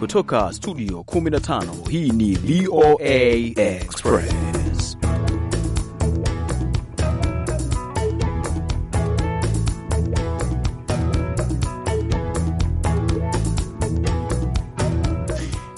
Kutoka studio 15 hii ni VOA Express.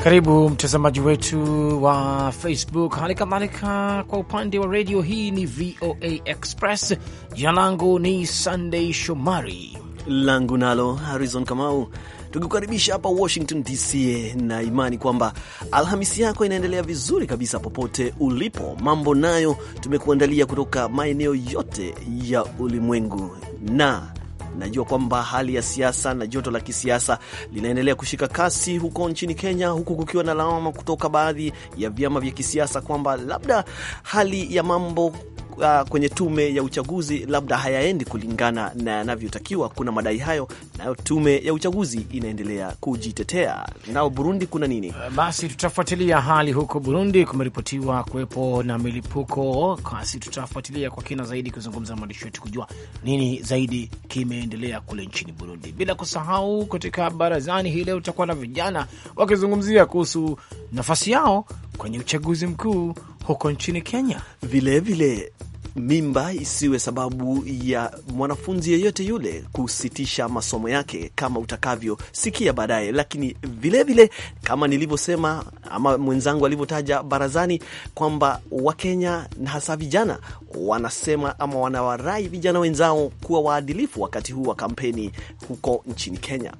Karibu mtazamaji wetu wa Facebook, hali kadhalika kwa upande wa redio. Hii ni VOA Express. Jina langu ni sandey Shomari, langu nalo harizon Kamau tukikukaribisha hapa Washington DC na imani kwamba Alhamisi yako inaendelea vizuri kabisa popote ulipo. Mambo nayo tumekuandalia kutoka maeneo yote ya ulimwengu na najua kwamba hali ya siasa na joto la kisiasa linaendelea kushika kasi huko nchini Kenya, huku kukiwa na lawama kutoka baadhi ya vyama vya kisiasa kwamba labda hali ya mambo uh, kwenye tume ya uchaguzi labda hayaendi kulingana na yanavyotakiwa. Kuna madai hayo, nayo tume ya uchaguzi inaendelea kujitetea. Nao Burundi kuna nini? Uh, basi tutafuatilia hali huko Burundi. Kumeripotiwa kuwepo na milipuko, basi tutafuatilia kwa kina zaidi, kuzungumza mwandishi wetu kujua nini zaidi kimeendelea kule nchini Burundi, bila kusahau katika barazani hii leo tutakuwa na vijana wakizungumzia kuhusu nafasi yao kwenye uchaguzi mkuu huko nchini Kenya vilevile vile mimba isiwe sababu ya mwanafunzi yeyote yule kusitisha masomo yake, kama utakavyosikia baadaye. Lakini vilevile vile, kama nilivyosema ama mwenzangu alivyotaja barazani kwamba Wakenya na hasa vijana wanasema ama wanawarai vijana wenzao kuwa waadilifu wakati huu wa kampeni huko nchini Kenya.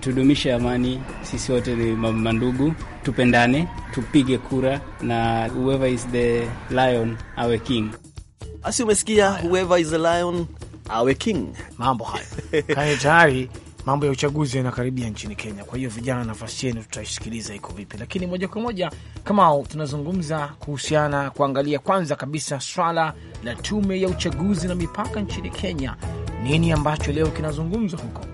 Tudumishe amani, sisi wote ni mandugu, tupendane, tupige kura na whoever is the lion awe king. Basi umesikia, whoever is a lion awe king. Mambo hayo haya, tayari mambo ya uchaguzi yanakaribia nchini Kenya. Kwa hiyo vijana, nafasi yenu tutaisikiliza iko vipi, lakini moja kwa moja kama tunazungumza kuhusiana kuangalia kwanza kabisa swala la tume ya uchaguzi na mipaka nchini Kenya. Nini ambacho leo kinazungumzwa huko?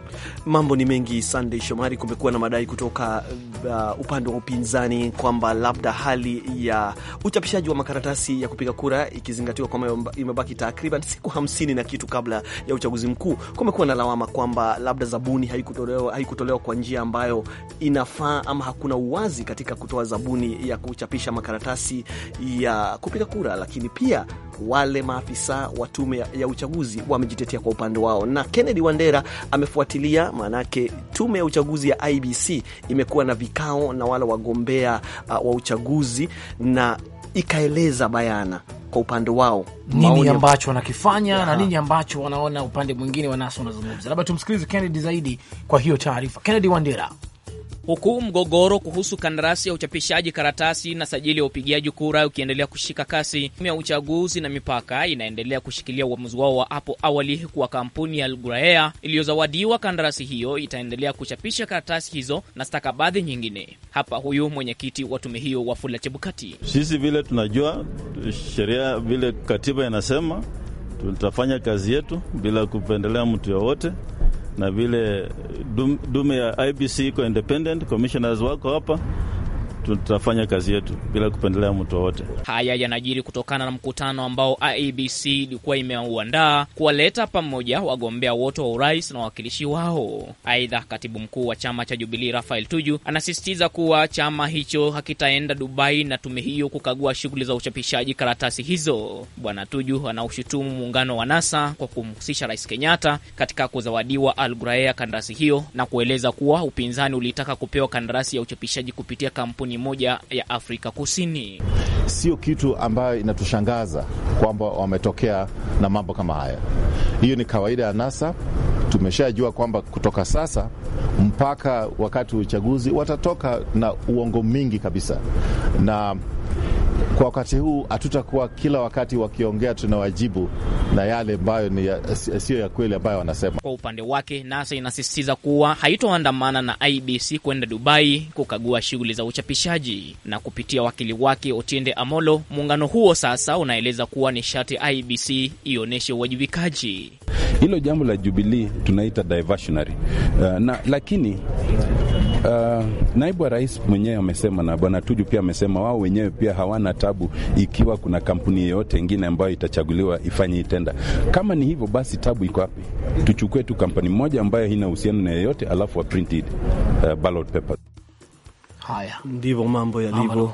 Mambo ni mengi, Sunday Shomari. Kumekuwa na madai kutoka uh, upande wa upinzani kwamba labda hali ya uchapishaji wa makaratasi ya kupiga kura ikizingatiwa kwamba imebaki takriban siku hamsini na kitu kabla ya uchaguzi mkuu, kumekuwa na lawama kwamba labda zabuni haikutolewa, haikutolewa kwa njia ambayo inafaa ama hakuna uwazi katika kutoa zabuni ya kuchapisha makaratasi ya kupiga kura, lakini pia wale maafisa wa tume ya uchaguzi wamejitetea kwa upande wao, na Kennedy Wandera amefuatilia, maanake tume ya uchaguzi ya IBC imekuwa na vikao na wale wagombea uh, wa uchaguzi na ikaeleza bayana kwa upande wao nini ambacho wanakifanya na nini ambacho wanaona upande mwingine wanaso wanazungumza. Labda tumsikilize Kennedy zaidi kwa hiyo taarifa. Kennedy Wandera huku mgogoro kuhusu kandarasi ya uchapishaji karatasi na sajili ya upigiaji kura ukiendelea kushika kasi. Tume ya uchaguzi na mipaka inaendelea kushikilia uamuzi wao wa hapo awali kuwa kampuni ya Al iliyozawadiwa kandarasi hiyo itaendelea kuchapisha karatasi hizo na stakabadhi nyingine. Hapa huyu mwenyekiti wa tume hiyo Wafula Chebukati: sisi vile tunajua sheria vile katiba inasema, tutafanya kazi yetu bila kupendelea mtu yoyote na vile dume ya IBC iko independent, commissioners wako hapa tutafanya kazi yetu bila kupendelea mtu wowote. Haya yanajiri kutokana na mkutano ambao IEBC ilikuwa imeuandaa kuwaleta pamoja wagombea wote wa urais na wawakilishi wao. Aidha, katibu mkuu wa chama cha Jubilii Rafael Tuju anasisitiza kuwa chama hicho hakitaenda Dubai na tume hiyo kukagua shughuli za uchapishaji karatasi hizo. Bwana Tuju anaushutumu muungano wa NASA kwa kumhusisha Rais Kenyatta katika kuzawadiwa Al Ghurair kandarasi hiyo na kueleza kuwa upinzani ulitaka kupewa kandarasi ya uchapishaji kupitia kampuni koloni moja ya Afrika Kusini. Sio kitu ambayo inatushangaza kwamba wametokea na mambo kama haya. Hiyo ni kawaida ya NASA. Tumeshajua kwamba kutoka sasa mpaka wakati wa uchaguzi watatoka na uongo mingi kabisa, na kwa wakati huu hatutakuwa kila wakati wakiongea tunawajibu na yale ambayo siyo ya kweli ambayo wanasema. Kwa upande wake, NASA inasisitiza kuwa haitoandamana na IBC kwenda Dubai kukagua shughuli za uchapishaji. Na kupitia wakili wake Otiende Amolo, muungano huo sasa unaeleza kuwa ni sharti IBC ionyeshe uwajibikaji. Hilo jambo la Jubilee tunaita diversionary uh, na lakini Uh, naibu wa rais mwenyewe amesema na bwana Tuju pia amesema wao wenyewe pia hawana tabu ikiwa kuna kampuni yoyote ingine ambayo itachaguliwa ifanye hii tenda. Kama ni hivyo basi, tabu iko wapi? Tuchukue tu kampuni moja ambayo haina uhusiano na yeyote, alafu wa printed uh, ballot paper Haya ndivyo mambo yalivyo,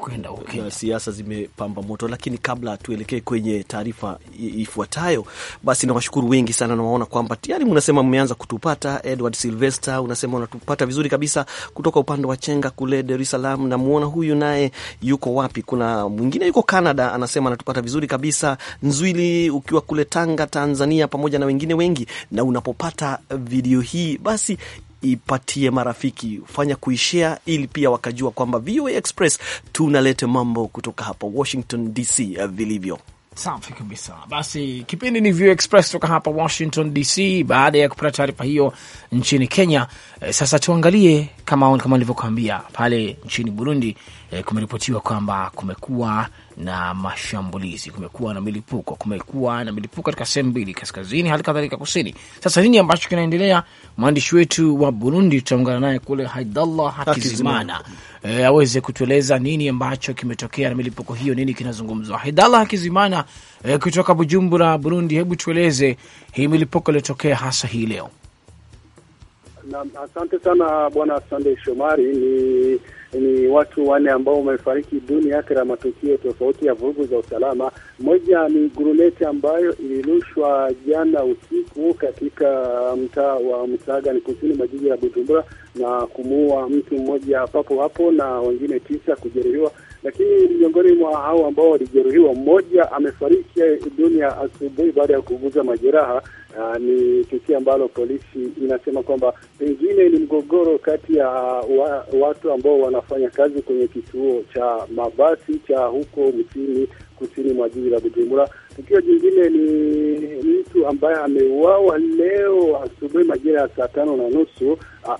na siasa zimepamba moto. Lakini kabla tuelekee kwenye taarifa ifuatayo, basi nawashukuru wengi sana, nawaona kwamba tayari mnasema mmeanza kutupata. Edward Silvester unasema unatupata vizuri kabisa kutoka upande wa Chenga kule Dar es Salaam. Namwona huyu naye yuko wapi? Kuna mwingine yuko Canada anasema anatupata vizuri kabisa. Nzwili ukiwa kule Tanga, Tanzania, pamoja na wengine wengi. Na unapopata video hii basi ipatie marafiki, fanya kuishare ili pia wakajua kwamba VOA Express tunalete mambo kutoka hapa Washington DC eh, vilivyo. Safi kabisa. Basi kipindi ni View Express kutoka hapa Washington DC. Baada ya kupata taarifa hiyo nchini Kenya, e, sasa tuangalie kama kama nilivyokuambia pale nchini Burundi, e, kumeripotiwa kwamba kumekuwa na mashambulizi, kumekuwa na milipuko, kumekuwa na milipuko katika sehemu mbili, kaskazini hali kadhalika kusini. Sasa nini ambacho kinaendelea? Mwandishi wetu wa Burundi tutaungana naye kule, Haidallah Hakizimana e, aweze kutueleza nini ambacho kimetokea na milipuko hiyo, nini kinazungumzwa. Haidallah Hakizimana e, kutoka Bujumbura, Burundi, hebu tueleze hii milipuko iliyotokea hasa hii leo. Na asante sana bwana Sandey Shomari ni ni watu wanne ambao wamefariki dunia katika matukio tofauti ya vurugu za usalama. Moja ni guruneti ambayo ilirushwa jana usiku katika mtaa wa Msagani kusini mwa jiji la Bujumbura na kumuua mtu mmoja papo hapo na wengine tisa kujeruhiwa lakini miongoni mwa hao ambao walijeruhiwa, mmoja amefariki dunia asubuhi baada ya kuuguza majeraha. Uh, ni tukio ambalo polisi inasema kwamba pengine ni mgogoro kati ya wa, watu ambao wanafanya kazi kwenye kituo cha mabasi cha huko mjini kusini mwa jiji la Bujumbura. Tukio jingine ni mtu ambaye ameuawa leo asubuhi majira ya saa tano na nusu,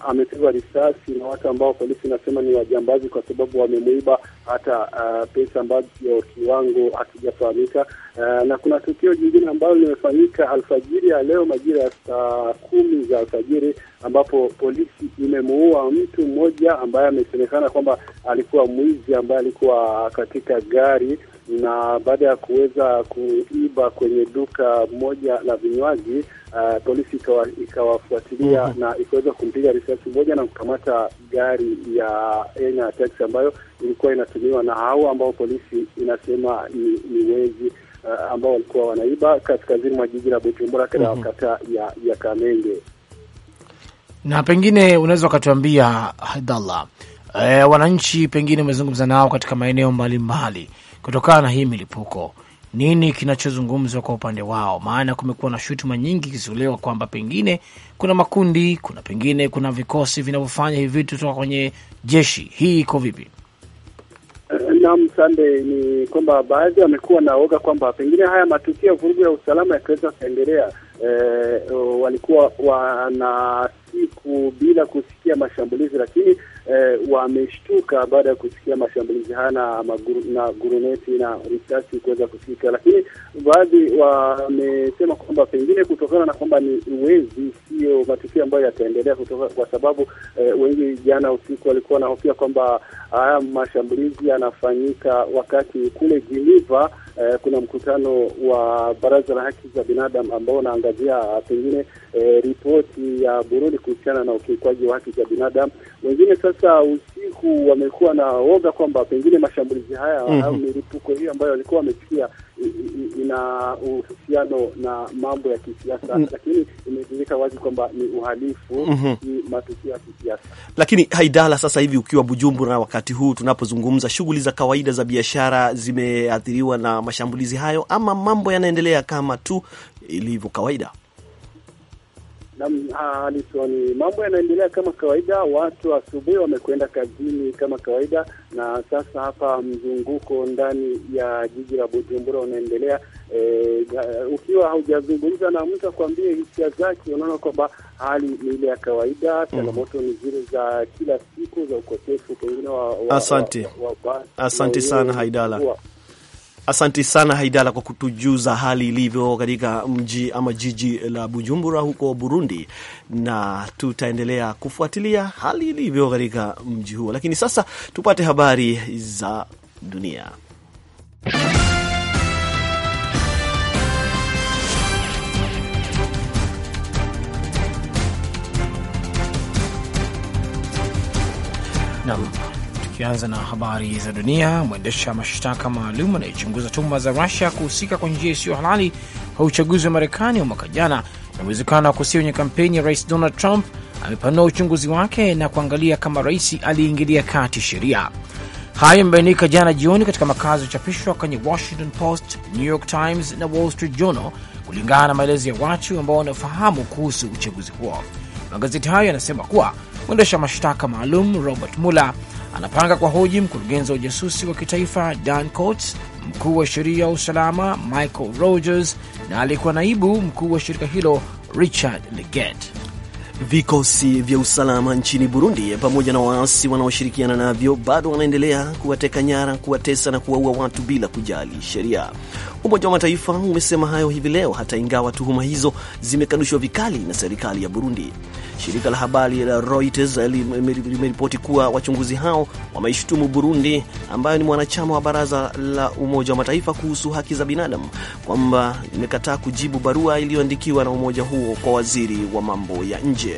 amepigwa risasi na watu ambao polisi inasema ni wajambazi, kwa sababu wamemuiba hata uh, pesa ambazo kiwango hakijafahamika. Uh, na kuna tukio jingine ambalo limefanyika alfajiri ya leo majira ya saa kumi za alfajiri, ambapo polisi imemuua mtu mmoja ambaye amesemekana kwamba alikuwa mwizi ambaye alikuwa katika gari na baada ya kuweza kuiba kwenye duka moja la vinywaji uh, polisi ikawafuatilia mm -hmm. na ikaweza kumpiga risasi moja na kukamata gari ya aina ya taxi ambayo ilikuwa inatumiwa na hao ambao polisi inasema ni, ni wezi uh, ambao walikuwa wanaiba kaskazini mwa jiji la Bujumbura katika mm -hmm. kata ya, ya Kamenge. Na pengine unaweza ukatuambia Haidallah, eh, wananchi pengine umezungumza nao katika maeneo mbalimbali mbali kutokana na hii milipuko. Nini kinachozungumzwa kwa upande wao? Maana kumekuwa na shutuma nyingi ikitolewa kwamba pengine kuna makundi, kuna pengine kuna vikosi vinavyofanya hivi vitu kutoka kwenye jeshi. Hii iko vipi? Naam, sande, ni kwamba baadhi wamekuwa na oga kwamba pengine haya matukio ya vurugu ya usalama yakiweza kuendelea, e, walikuwa wana siku bila kusikia mashambulizi, lakini eh, wameshtuka baada ya kusikia mashambulizi haya na na guruneti na risasi kuweza kusikika, lakini baadhi wamesema kwamba pengine kutokana na kwamba ni uwezi, sio matukio ambayo yataendelea kutoka, kwa sababu eh, wengi jana usiku walikuwa wanahofia kwamba haya mashambulizi yanafanyika wakati kule Geneva eh, kuna mkutano wa Baraza la Haki za Binadamu ambao unaangazia ah, pengine eh, ripoti ya Burundi kuhusiana na ukiukwaji wa haki za binadamu. Wengine sasa usiku wamekuwa na woga kwamba pengine mashambulizi haya mm -hmm. au mhm. milipuko hiyo ambayo walikuwa wamesikia ina uhusiano na mambo ya kisiasa mm. lakini imejulika wazi kwamba ni uhalifu mm -hmm. ni matukio ya kisiasa. Lakini Haidala, sasa hivi ukiwa Bujumbura wakati huu tunapozungumza, shughuli za kawaida za biashara zimeathiriwa na mashambulizi hayo, ama mambo yanaendelea kama tu ilivyo kawaida? Nam ah, Alisoni, mambo yanaendelea kama kawaida. Watu asubuhi wamekwenda kazini kama kawaida, na sasa hapa mzunguko ndani ya jiji la Bujumbura unaendelea. E, ukiwa haujazungumza na mtu akwambie hisia zake, unaona kwamba hali ni ile ya kawaida. Mm-hmm. Changamoto ni zile za kila siku za ukosefu pengine wa, wa, asante, wa, wa, wa, asante sana Haidala wa. Asante sana Haidala kwa kutujuza hali ilivyo katika mji ama jiji la Bujumbura huko Burundi, na tutaendelea kufuatilia hali ilivyo katika mji huo. Lakini sasa tupate habari za dunia. Naam. Tukianza na habari za dunia, mwendesha mashtaka maalum anayechunguza tuhuma za Rusia kuhusika kwa njia isiyo halali kwa uchaguzi wa Marekani wa mwaka jana na uwezekano wa kuhusia kwenye kampeni ya rais Donald Trump amepanua uchunguzi wake na kuangalia kama rais aliingilia kati sheria. Hayo yamebainika jana jioni katika makazi yachapishwa kwenye Washington Post, New York Times na Wall Street Journal, kulingana na maelezo ya watu ambao wanafahamu kuhusu uchaguzi huo. Magazeti hayo yanasema kuwa mwendesha mashtaka maalum Robert Mueller anapanga kwa hoji mkurugenzi wa ujasusi wa kitaifa Dan Coats, mkuu wa sheria wa usalama Michael Rogers na aliyekuwa naibu mkuu wa shirika hilo Richard Leget. Vikosi vya usalama nchini Burundi pamoja na waasi wanaoshirikiana navyo bado wanaendelea kuwateka nyara, kuwatesa na kuwaua watu bila kujali sheria. Umoja wa Mataifa umesema hayo hivi leo, hata ingawa tuhuma hizo zimekanushwa vikali na serikali ya Burundi. Shirika la habari la Reuters limeripoti kuwa wachunguzi hao wameishutumu Burundi, ambayo ni mwanachama wa Baraza la Umoja wa Mataifa kuhusu haki za binadamu, kwamba imekataa kujibu barua iliyoandikiwa na umoja huo kwa waziri wa mambo ya nje.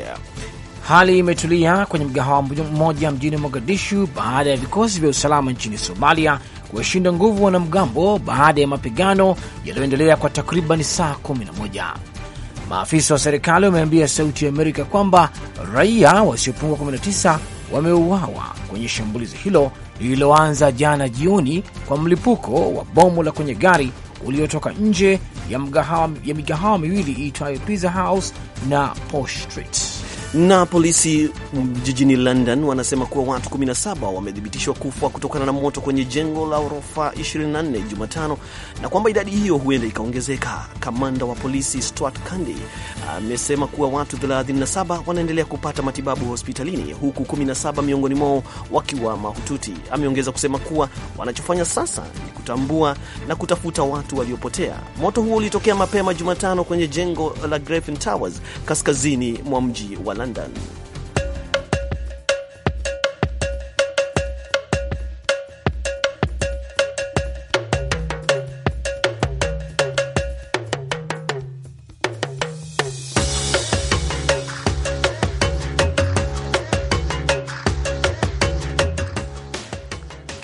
Hali imetulia kwenye mgahawa mmoja mjini Mogadishu baada ya vikosi vya usalama nchini Somalia kuwashinda nguvu wanamgambo baada ya mapigano yaliyoendelea kwa takriban saa 11. Maafisa wa serikali wameambia Sauti ya Amerika kwamba raia wasiopungua 19 wameuawa kwenye shambulizi hilo lililoanza jana jioni kwa mlipuko wa bomu la kwenye gari uliotoka nje ya migahawa miwili iitwayo Pizza House na Posh Street. Na polisi mm, jijini London wanasema kuwa watu 17 wamethibitishwa kufa kutokana na moto kwenye jengo la ghorofa 24 Jumatano, na kwamba idadi hiyo huenda ikaongezeka. Kamanda wa polisi Stuart Candy amesema kuwa watu 37 wanaendelea kupata matibabu hospitalini, huku 17 miongoni mwao wakiwa mahututi. Ameongeza kusema kuwa wanachofanya sasa ni kutambua na kutafuta watu waliopotea. Moto huo ulitokea mapema Jumatano kwenye jengo la Griffin Towers kaskazini mwa mji wa London.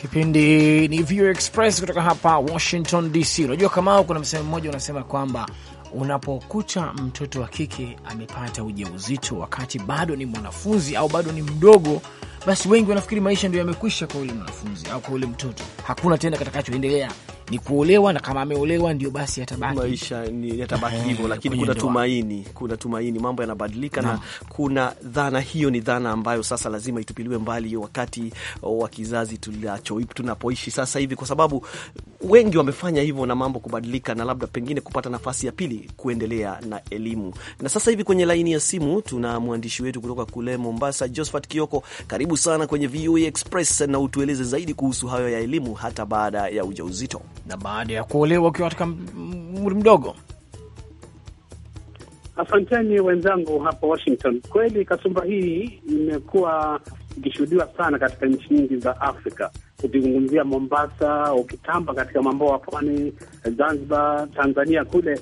Kipindi ni View Express kutoka hapa Washington DC. Unajua, kama kuna msemo mmoja unasema kwamba unapokuta mtoto wa kike amepata ujauzito wakati bado ni mwanafunzi au bado ni mdogo, basi wengi wanafikiri maisha ndio yamekwisha kwa ule mwanafunzi au kwa ule mtoto. Hakuna tena kitakachoendelea, ni kuolewa, na kama ameolewa ndio basi yatabaki, maisha yatabaki eh, hivyo. Lakini kuna tumaini, kuna tumaini, mambo yanabadilika na, na kuna dhana hiyo, ni dhana ambayo sasa lazima itupiliwe mbali wakati oh, wa kizazi tunapoishi sasa hivi, kwa sababu wengi wamefanya hivyo na mambo kubadilika, na labda pengine kupata nafasi ya pili kuendelea na elimu. Na sasa hivi kwenye laini ya simu tuna mwandishi wetu kutoka kule Mombasa, Josephat Kioko, karibu karibu sana kwenye VOA Express na utueleze zaidi kuhusu hayo ya elimu, hata baada ya ujauzito na baada ya kuolewa ukiwa katika umri mdogo. Asanteni wenzangu hapa Washington. Kweli kasumba hii imekuwa ikishuhudiwa sana katika nchi nyingi za Afrika, ukizungumzia Mombasa, ukitamba katika mambo ya pwani, Zanzibar, Tanzania kule,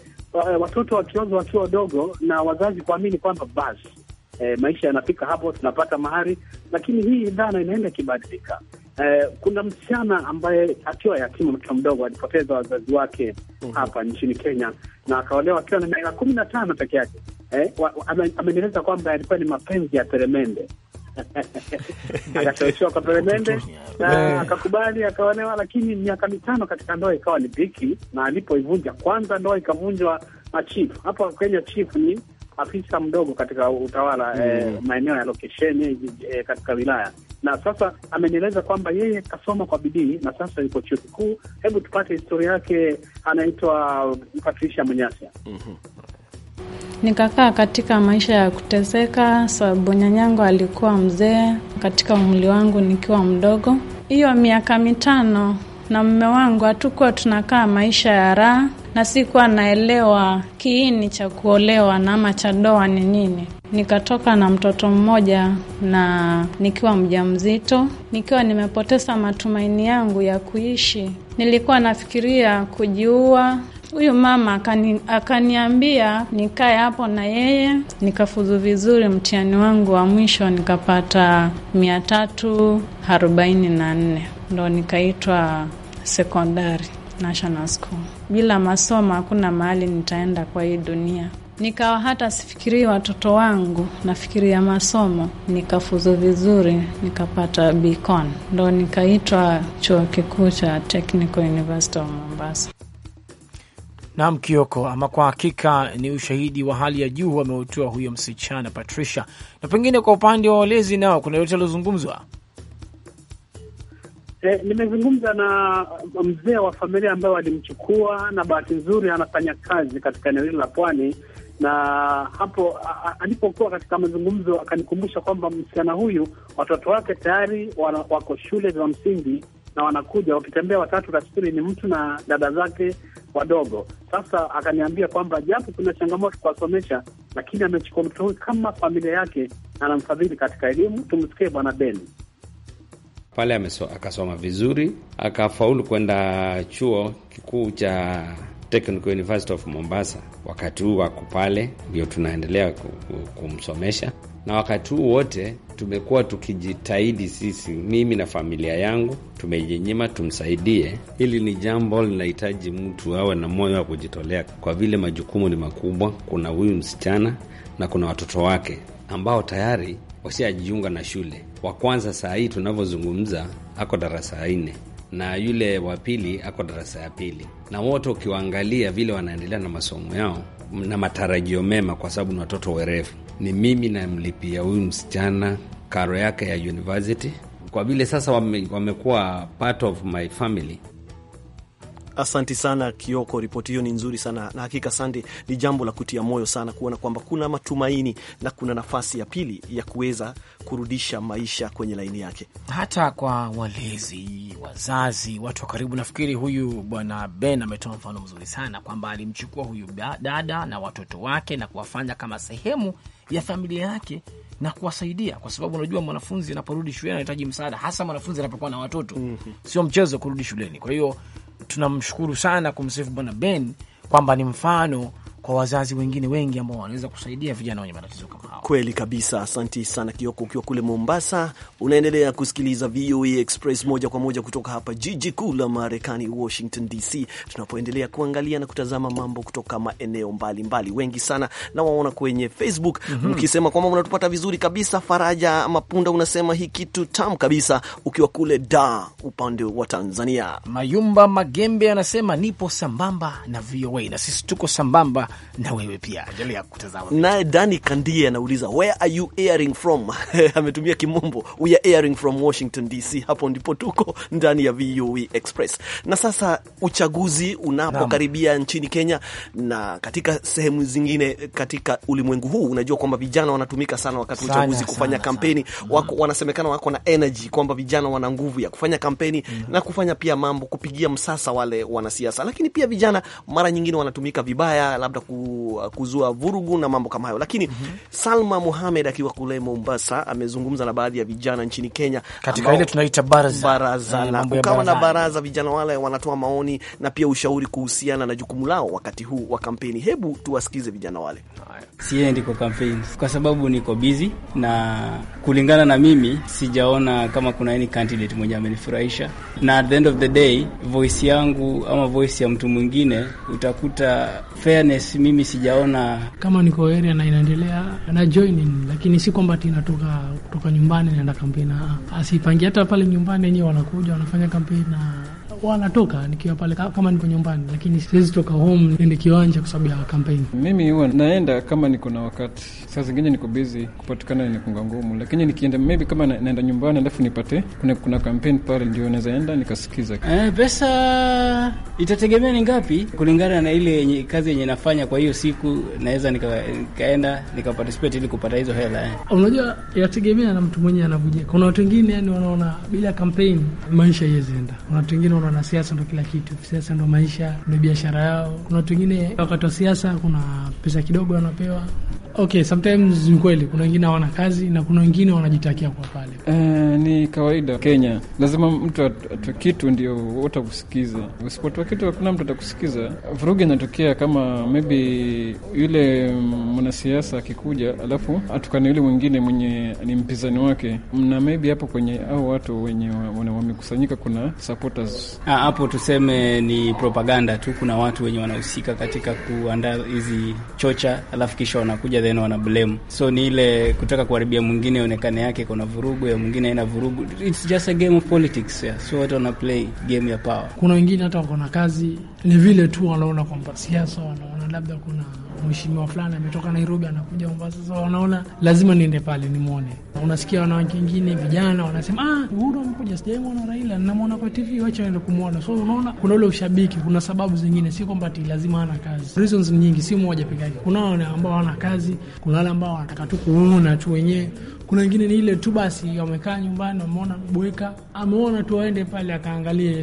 watoto wakiozwa wakiwa wadogo na wazazi kuamini kwamba basi e, maisha yanafika hapo, tunapata mahari, lakini hii dhana inaenda ikibadilika. E, kuna msichana ambaye akiwa yatima mtoto mdogo alipoteza wazazi wake mm -hmm. hapa nchini Kenya na akaolewa akiwa na miaka kumi na tano peke yake eh, amenieleza kwamba alikuwa ni mapenzi ya peremende akashawishiwa kwa peremende na eh. akakubali akaonewa, lakini miaka mitano katika ndoa ikawa ni biki, na alipoivunja kwanza ndoa ikavunjwa na chief. Hapa Kenya chief ni afisa mdogo katika utawala eh, mm. eh, maeneo ya lokesheni eh, katika wilaya na sasa amenieleza kwamba yeye kasoma kwa bidii na sasa yuko chuo kikuu. Hebu tupate historia yake. Anaitwa Patricia Munyasia. mm -hmm. Nikakaa katika maisha ya kuteseka, sababu nyanyangu alikuwa mzee katika umri wangu nikiwa mdogo. Hiyo miaka mitano na mume wangu hatukuwa tunakaa maisha ya raha na sikuwa naelewa kiini cha kuolewa na ama cha doa ni nini. Nikatoka na mtoto mmoja na nikiwa mjamzito, nikiwa nimepoteza matumaini yangu ya kuishi. Nilikuwa nafikiria kujiua. Huyu mama akani, akaniambia nikae hapo na yeye. Nikafuzu vizuri mtihani wangu wa mwisho, nikapata mia tatu arobaini na nne ndo nikaitwa sekondari National School. Bila masomo hakuna mahali nitaenda kwa hii dunia. Nikawa hata sifikirii watoto wangu, nafikiria masomo. Nikafuzu vizuri, nikapata bicon, ndo nikaitwa chuo kikuu cha Technical University of Mombasa. Nam Kioko, ama kwa hakika ni ushahidi wa hali ya juu ameutoa huyo msichana Patricia. Na pengine kwa upande wa walezi nao kuna yote aliozungumzwa E, nimezungumza na mzee wa familia ambaye walimchukua na bahati nzuri anafanya kazi katika eneo hili la pwani, na hapo alipokuwa katika mazungumzo akanikumbusha kwamba msichana huyu watoto wake tayari wako shule za msingi na wanakuja wakitembea watatu, tafikiri ni mtu na dada zake wadogo. Sasa akaniambia kwamba japo kuna changamoto kuwasomesha, lakini amechukua mtoto huyu kama familia yake na anamfadhili katika elimu. Tumsikie Bwana Beni pale ameso, akasoma vizuri akafaulu kwenda chuo kikuu cha Technical University of Mombasa. Wakati huu wako pale, ndio tunaendelea kumsomesha, na wakati huu wote tumekuwa tukijitahidi sisi, mimi na familia yangu, tumejinyima tumsaidie. Hili ni jambo linahitaji mtu awe na moyo wa kujitolea, kwa vile majukumu ni makubwa. Kuna huyu msichana na kuna watoto wake ambao tayari washajiunga na shule wa kwanza saa hii tunavyozungumza ako darasa ya nne na yule wa pili ako darasa ya pili, na wote ukiwaangalia vile wanaendelea na masomo yao na matarajio mema, kwa sababu ni watoto werevu. Ni mimi namlipia huyu msichana karo yake ya university kwa vile sasa wamekuwa part of my family. Asanti sana Kioko, ripoti hiyo ni nzuri sana na hakika, Sande, ni jambo la kutia moyo sana kuona kwamba kuna matumaini na kuna nafasi ya pili ya kuweza kurudisha maisha kwenye laini yake, hata kwa walezi, wazazi, watu wa karibu. Nafikiri huyu bwana Ben ametoa mfano mzuri sana kwamba alimchukua huyu dada na watoto wake na kuwafanya kama sehemu ya familia yake na kuwasaidia kwa sababu unajua mwanafunzi anaporudi shuleni anahitaji msaada, hasa mwanafunzi anapokuwa na watoto. mm -hmm. Sio mchezo kurudi shuleni. Kwa hiyo tunamshukuru sana kumsifu Bwana Ben kwamba ni mfano kwa wazazi wengine wengi ambao wanaweza kusaidia vijana wenye matatizo kama hao. Kweli kabisa, asanti sana Kioko, ukiwa kule Mombasa. Unaendelea kusikiliza VOA e Express moja kwa moja kutoka hapa jiji kuu la Marekani, Washington DC, tunapoendelea kuangalia na kutazama mambo kutoka maeneo mbalimbali Wengi sana na waona kwenye Facebook mhm. mkisema mm -hmm. kwamba unatupata vizuri kabisa. Faraja Mapunda unasema hii kitu tamu kabisa, ukiwa kule da upande wa Tanzania. Mayumba Magembe anasema nipo sambamba na VOA e na sisi tuko sambamba na wewe pia endelea kutazama. Naye Dani Kandie anauliza where are you airing from? ametumia kimombo, we are airing from Washington DC. Hapo ndipo tuko ndani ya VOA e Express. Na sasa uchaguzi unapokaribia nchini Kenya na katika sehemu zingine katika ulimwengu huu, unajua kwamba vijana wanatumika sana wakati wa uchaguzi kufanya sana, kampeni sana. Mm. Wako, wanasemekana wako na energy kwamba vijana wana nguvu ya kufanya kampeni mm, na kufanya pia mambo kupigia msasa wale wanasiasa, lakini pia vijana mara nyingine wanatumika vibaya labda Uh, kuzua vurugu na mambo kama hayo, lakini mm -hmm. Salma Muhamed akiwa kule Mombasa amezungumza na baadhi ya vijana nchini Kenya katika ile tunaita baraza, baraza na eh, kukawa na baraza. Vijana wale wanatoa maoni na pia ushauri kuhusiana na jukumu lao wakati huu wa kampeni. Hebu tuwasikize vijana wale. Siendi kwa kampeni kwa sababu niko bizi, na kulingana na mimi sijaona kama kuna any candidate mwenye amenifurahisha, na at the end of the day voice yangu ama voice ya mtu mwingine utakuta fairness binafsi mimi sijaona kama niko area na inaendelea na joining, lakini si kwamba tinatoka kutoka nyumbani naenda kampeni, ah, ah, asipangi hata pale nyumbani wenyewe wanakuja wanafanya kampeni na nilikuwa natoka nikiwa pale kama niko nyumbani, lakini siwezi toka home niende kiwanja kwa sababu ya kampeni. Mimi huwa naenda kama niko na wakati, saa zingine niko busy kupatikana inakunga ngumu, lakini nikienda maybe kama na, naenda nyumbani alafu nipate kuna, kuna kampeni pale ndio naweza enda nikasikiza. Eh, pesa itategemea ni ngapi kulingana na ile nye, kazi yenye nafanya kwa hiyo siku, naweza nikaenda nika nikaparticipate ili kupata hizo hela. eh. Unajua yategemea na mtu mwenyewe anavuja. Kuna watu wengine yani wanaona bila kampeni maisha yezenda, kuna watu wengine wanaona wanasiasa ndo kila kitu, siasa ndo maisha, ndo biashara yao. Kuna watu wengine wakati wa siasa, kuna pesa kidogo wanapewa. Okay, sometimes ni kweli, kuna wengine hawana kazi na kuna wengine wanajitakia kwa pale uh, ni kawaida Kenya, lazima mtu atoe kitu ndio utakusikiza. Usipotoa kitu, hakuna mtu atakusikiza. Vurugu inatokea kama maybe yule mwanasiasa akikuja, alafu atukane yule mwingine mwenye ni mpinzani wake, na maybe hapo kwenye au watu wenye wamekusanyika kuna supporters ah, hapo, tuseme ni propaganda tu. Kuna watu wenye wanahusika katika kuandaa hizi chocha, alafu kisha wanakuja then wanablame, so ni ile kutaka kuharibia mwingine onekane yake, kuna vurugu ya mwingine aina vurugu. It's just a game of politics, yeah. So watu wana play game ya power. Kuna wengine hata wako na kazi, ni vile tu wanaona kwamba siasa, wanaona labda kuna mheshimiwa fulani ametoka Nairobi anakuja Mombasa, sasa wanaona lazima niende pale nimwone. Unasikia wanawake wengine vijana wanasema ah, Uhuru amekuja, sijaimwona Raila, namwona kwa TV, wacha naenda kumwona. So unaona kuna ule ushabiki, kuna sababu zingine, si kwamba ti lazima ana kazi. Reasons nyingi, si moja peke yake. Kuna wale ambao hawana kazi, kuna wale ambao wanataka tu kuona tu wenyewe kuna wengine ni ile tu basi, wamekaa nyumbani, wameona bweka, ameona tu waende pale akaangalie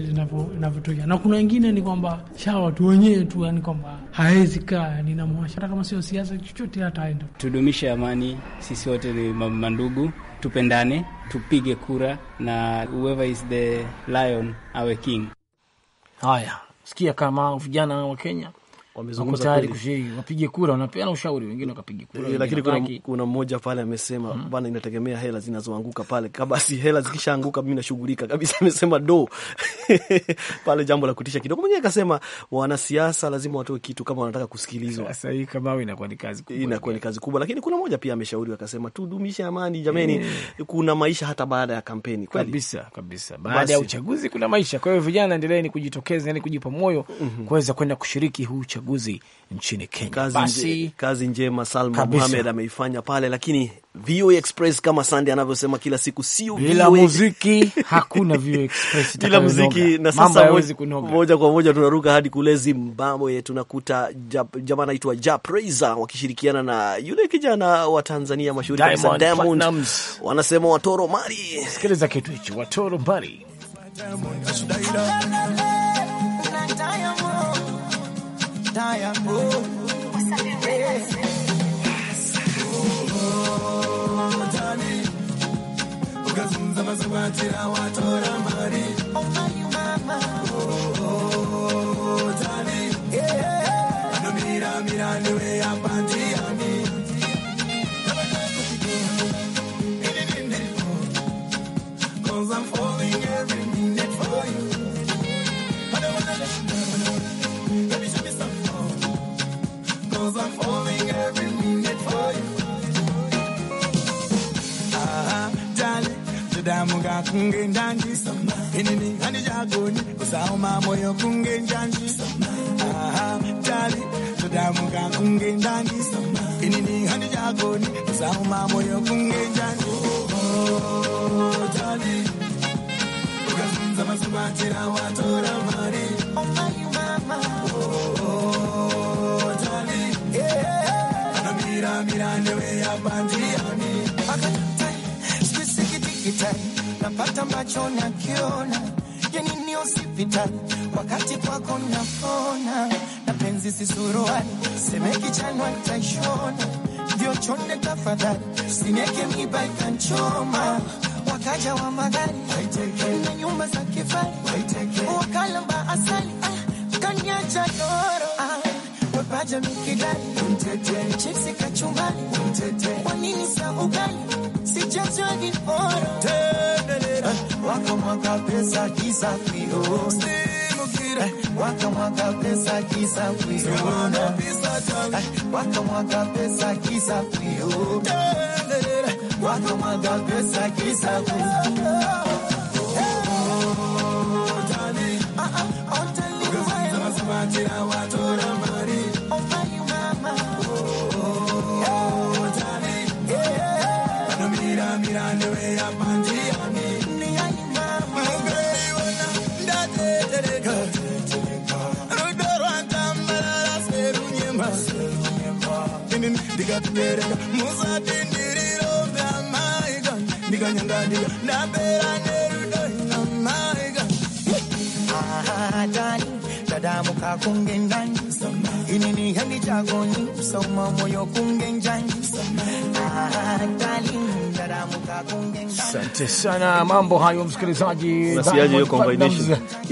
inavyotokea. Na kuna wengine ni kwamba shawa tu wenyewe tu, yani kwamba hawezi kaa, ninamwasha hata kama sio siasa chochote, hataenda. Tudumishe amani, sisi wote ni mandugu, tupendane, tupige kura na whoever is the lion awe king. Haya, sikia kama vijana wa Kenya wako tayari kushiriki, wapige kura, wanapeana ushauri, wengine wakapiga kura. Eh, lakini kuna, kuna mmoja pale amesema mm, bwana, inategemea hela zinazoanguka pale, kama si hela zikishaanguka mimi nashughulika kabisa, amesema do pale, jambo la kutisha kidogo. Mwenyewe akasema wanasiasa lazima watoe kitu kama wanataka kusikilizwa. Sasa hii kama inakuwa ni kazi kubwa, inakuwa ni kazi kubwa, lakini kuna mmoja pia ameshauri akasema, tudumishe amani jameni, yeah. Kuna maisha hata baada ya kampeni kabisa kabisa, baada ya uchaguzi kuna maisha. Kwa hiyo vijana, endeleeni kujitokeza, yani kujipa moyo mm -hmm. kuweza kwenda kushiriki huu uchaguzi uchaguzi nchini Kenya. Kazi, Basi, nje, kazi njema Salma ameifanya pale, lakini VOA Express kama Sande anavyosema kila siku, sio bila muziki hakuna VOA Express bila muziki. Na sasa moja kwa moja tunaruka hadi kule Zimbabwe, tunakuta jamaa anaitwa Ja Praise wakishirikiana na yule kijana wa Tanzania mashuhuri kabisa Diamond, wanasema watoro mari. Sikiliza kitu hicho, watoro mari time, oh. Yeah. ukazunza mazokwatira watora mari anomiramira newe yapandi kungenja nje oh, oh, time napata macho nakiona, yani ni hospitali, wakati kwako napona, na penzi si suruali, semeki chanwa taishona, ndio chonde tafadhali, sineke miba ikanchoma, wakaja wa magari na nyumba za kifari, wakalamba asali ah, kaniacha loro ah, wepaja mikidali, chipsi kachumbali, kwa nini sa ugali sijazwa viporo wakamwaga pesa waka wakamwaga pesa kisafio wakamwaga pesa waka pesa kisafio Tell me, uh-uh, oh, tell ndikatuberera musatindiriro vyamaiga ndikanyangadiga ndapera nerudoina maiga ahatani tadamuka kunge ndani inini handi chagoni sauma moyo kunge njani ahatani Asante sana, mambo hayo msikilizaji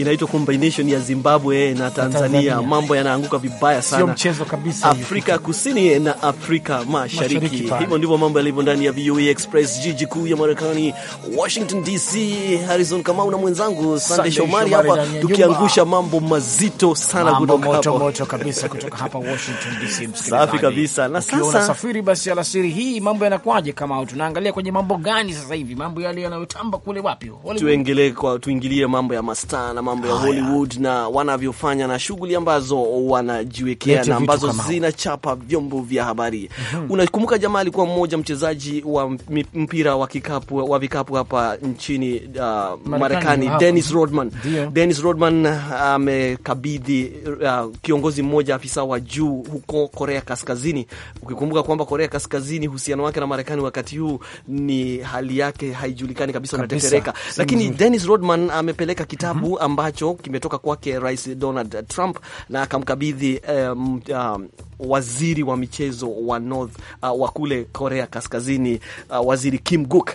inaitwa combination ya Zimbabwe na Tanzania, Tanzania. Mambo yanaanguka vibaya sana, sio mchezo kabisa. Afrika Kusini na Afrika Mashariki, hivyo ndivyo mambo yalivyo ndani ya VOA e Express, jiji kuu ya Marekani, Washington DC. Harrison Kamau na mwenzangu Sunday Shomari hapa tukiangusha mambo mazito sana kutoka moto, hapo moto kabisa kutoka hapa Washington DC. Safi kabisa. Na sasa safiri basi, alasiri hii mambo yanakwaje? Kama tunaangalia kwenye mambo gani sasa hivi, mambo yale yanayotamba kule wapi? Tuingilie kwa tuingilie mambo ya mastaa na mambo ya Hollywood na wanavyofanya na shughuli ambazo wanajiwekea na ambazo zinachapa vyombo vya habari mhm. Unakumbuka jamaa alikuwa mmoja mchezaji wa mpira wa kikapu wa vikapu hapa nchini uh, Marekani, Dennis Rodman. Dennis Rodman uh, amekabidhi uh, uh, kiongozi mmoja afisa wa juu huko Korea Kaskazini, ukikumbuka kwamba Korea Kaskazini uhusiano wake na Marekani wakati huu ni hali yake haijulikani kabisa, unatetereka, lakini Dennis Rodman amepeleka kitabu mm -hmm ambacho kimetoka kwake Rais Donald Trump na akamkabidhi um, um, waziri wa michezo wa North uh, wa kule Korea Kaskazini uh, waziri Kim Guk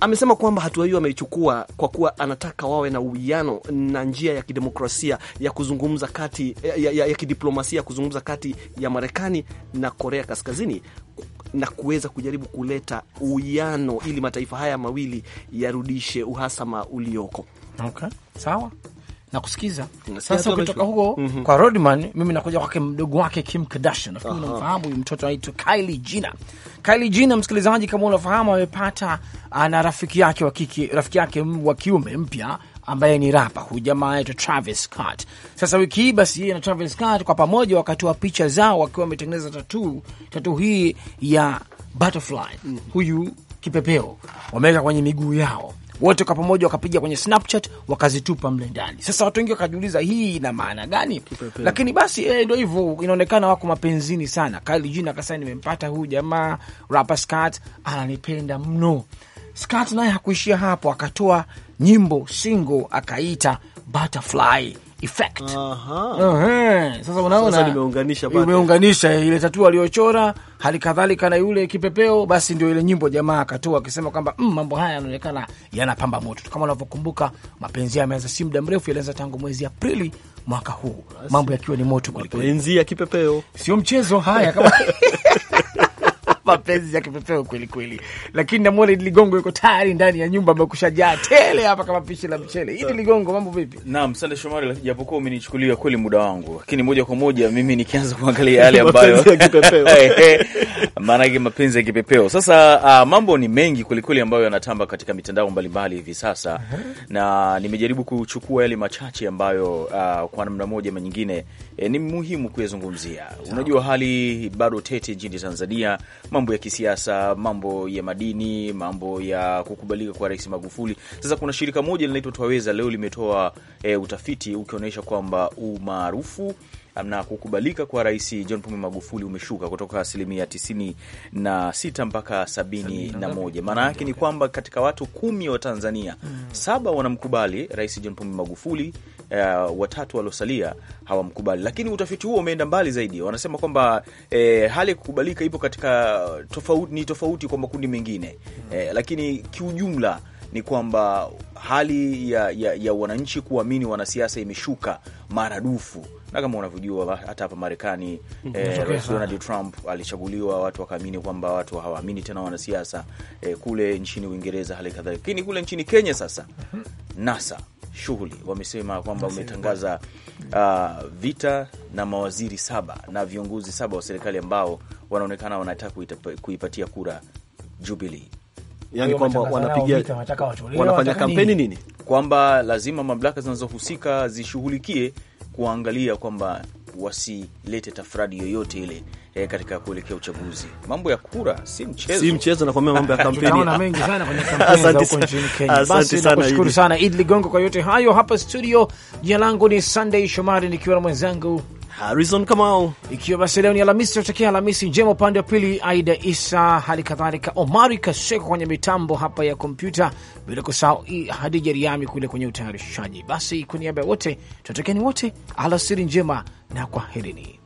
amesema kwamba hatua hiyo ameichukua kwa kuwa anataka wawe na uwiano na njia ya kidemokrasia ya kuzungumza kati ya, ya, ya kidiplomasia ya kuzungumza kati ya Marekani na Korea Kaskazini na kuweza kujaribu kuleta uwiano ili mataifa haya mawili yarudishe uhasama ulioko. Okay, sawa na kusikiza sasa. Ukitoka huko mm -hmm. kwa Rodman, mimi nakuja kwake mdogo wake Kim Kardashian. Nafikiri unamfahamu huyu mtoto, anaitwa Kylie Jenner. Kylie Jenner, msikilizaji, kama unafahamu, amepata ah, na rafiki yake wa kike, rafiki yake wa kiume mpya ambaye ni rapa huyu jamaa anaitwa Travis Scott. Sasa wiki hii basi yeye na Travis Scott kwa pamoja wakatoa picha zao wakiwa wametengeneza tatuu, tatuu hii ya butterfly, mm -hmm. huyu kipepeo wameweka kwenye miguu yao wote kwa pamoja wakapiga kwenye Snapchat wakazitupa mle ndani. Sasa watu wengi wakajiuliza hii ina maana gani? Lakini basi eh, ndio hivyo, inaonekana wako mapenzini sana. Kylie Jenner akasema nimempata huyu jamaa rapper Scott ananipenda mno. Scott naye hakuishia hapo, akatoa nyimbo single akaita Butterfly effect. Aha. sasa unaona ile tatu aliyochora, hali kadhalika na yule kipepeo, basi ndio ile nyimbo jamaa akatoa akisema kwamba mm, mambo haya yanaonekana yanapamba moto. Kama unavyokumbuka mapenzi yameanza si muda mrefu, yalianza tangu mwezi Aprili mwaka huu, mambo yakiwa ni moto kweli kweli. Mapenzi ya kipepeo sio mchezo. Haya kama mapenzi ya kipepeo kweli kweli, lakini namwona Idi Ligongo yuko tayari ndani ya nyumba ambayo kushajaa tele hapa kama pishi la mchele. Idi Ligongo, mambo vipi? Naam, sande Shomari, japokuwa umenichukulia kweli muda wangu, lakini moja kwa moja mimi nikianza kuangalia yale ambayo maanake mapenzi ya kipepeo sasa. Uh, mambo ni mengi kwelikweli ambayo yanatamba katika mitandao mbalimbali hivi sasa uh -huh. na nimejaribu kuchukua yale machache ambayo uh, kwa namna moja ama nyingine e, ni muhimu kuyazungumzia. Unajua hali bado tete nchini Tanzania, mambo ya kisiasa, mambo ya madini, mambo ya kukubalika kwa Rais Magufuli. Sasa kuna shirika moja linaitwa Twaweza leo limetoa e, utafiti ukionyesha kwamba umaarufu na kukubalika kwa Rais John Pombe Magufuli umeshuka kutoka asilimia 96 mpaka 71. Maana yake ni kwamba katika watu kumi wa Tanzania mm, saba wanamkubali Rais John Pombe Magufuli, uh, watatu waliosalia hawamkubali. Lakini utafiti huo umeenda mbali zaidi, wanasema kwamba eh, hali ya kukubalika ipo katika tofauti, ni tofauti kwa makundi mengine mm. eh, lakini kiujumla ni kwamba hali ya, ya, ya wananchi kuamini wanasiasa imeshuka maradufu na kama unavyojua hata hapa Marekani mhm. eh, Donald Trump alichaguliwa, watu wakaamini kwamba watu hawaamini tena wanasiasa eh, kule nchini Uingereza hali kadhalika. Lakini kule nchini Kenya sasa mhm. NASA shughuli wamesema kwamba umetangaza uh, ah, vita na mawaziri saba na viongozi saba wa serikali ambao wanaonekana wanataka kuipatia kura Jubilee yani kwamba wanapigia wanafanya kampeni nini, kwamba lazima mamlaka zinazohusika zishughulikie kuangalia kwamba wasilete tafradi yoyote ile eh, katika kuelekea uchaguzi. Mambo ya kura si mchezo, si mchezo, nakwambia mambo ya kampeni mengi sana kwenye kampeni za huko nchini Kenya. Basi nakushukuru sana Idi Ligongo kwa yote hayo hapa studio. Jina langu ni Sunday Shomari nikiwa na mwenzangu Harrison Kamau. Ikiwa basi leo ni Alhamisi, tutakia Alhamisi njema. Upande wa pili Aida Isa, hali kadhalika Omari Kaseko kwenye mitambo hapa ya kompyuta, bila kusahau Hadija Riami kule kwenye utayarishaji. Basi kwa niaba ya wote ni wote alasiri njema na kwaherini.